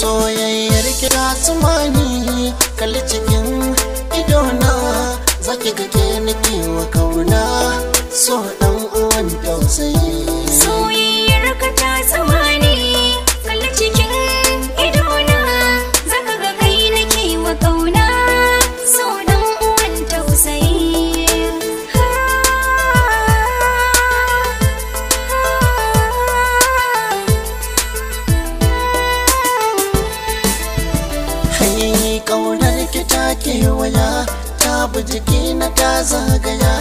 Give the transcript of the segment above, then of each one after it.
soyayyar kira tsumani kalici babu jiki na ta zagaya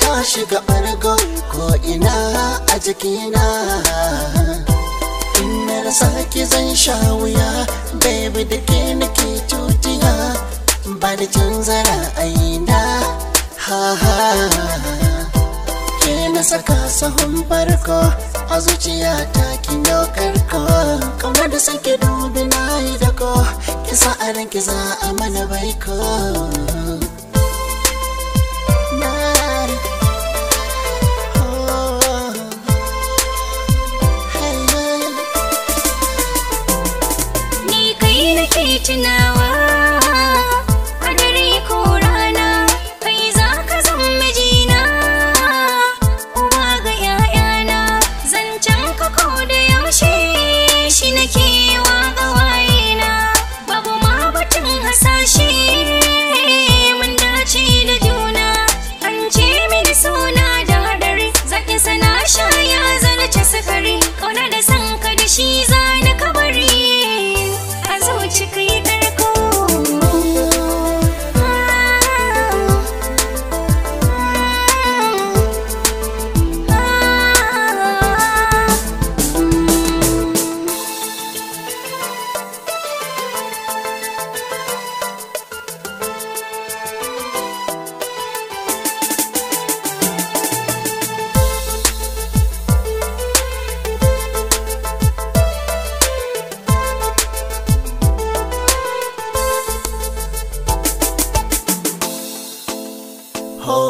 ta shiga ɓargo ko ina a jikina Ina na rasa zan sha wuya baby da ke nake cutiya ba da a yi ha ha na saka sahun farko a zuciya ta kin karko kamar da sake dubi na yi dako kisa a ranki za a mana baiko tonight.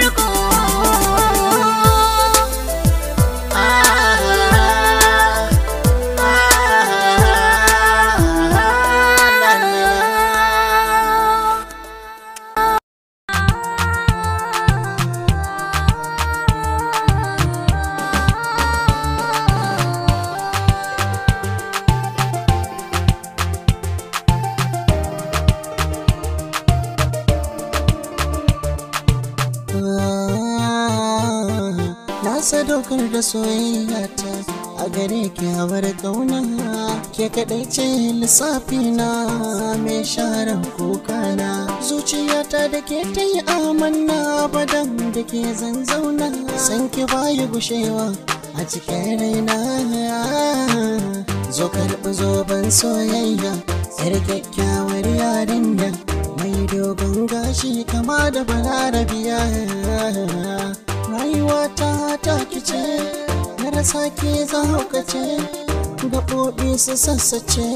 loco sadaukar da soyayya ta a gare ki hawar kauna ke kaɗai ce lissafi na mai sharan kuka na zuciyata da ke ta yi amanna badan da ke zanzauna san ki bayi gushewa a cikin raina zo karɓi zoben soyayya yar kyakkyawar yarin da mai dogon gashi kama da balarabiya rayuwa ta takice na rasa ke zahaukace gaɓoɓi su sassace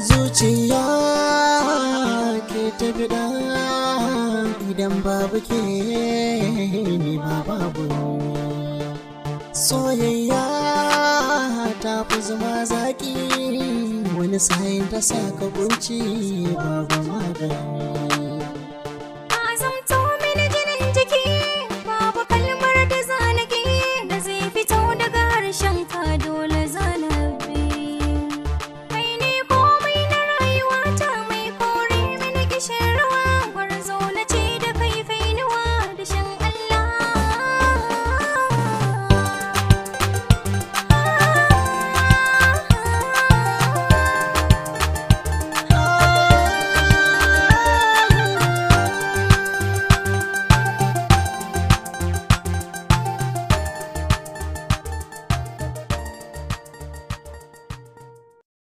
zuciya ke ta biɗa idan babu ke ni ba babu soyayya ta fi zama zaƙi, wani sayin ta sa ka kunci babu magani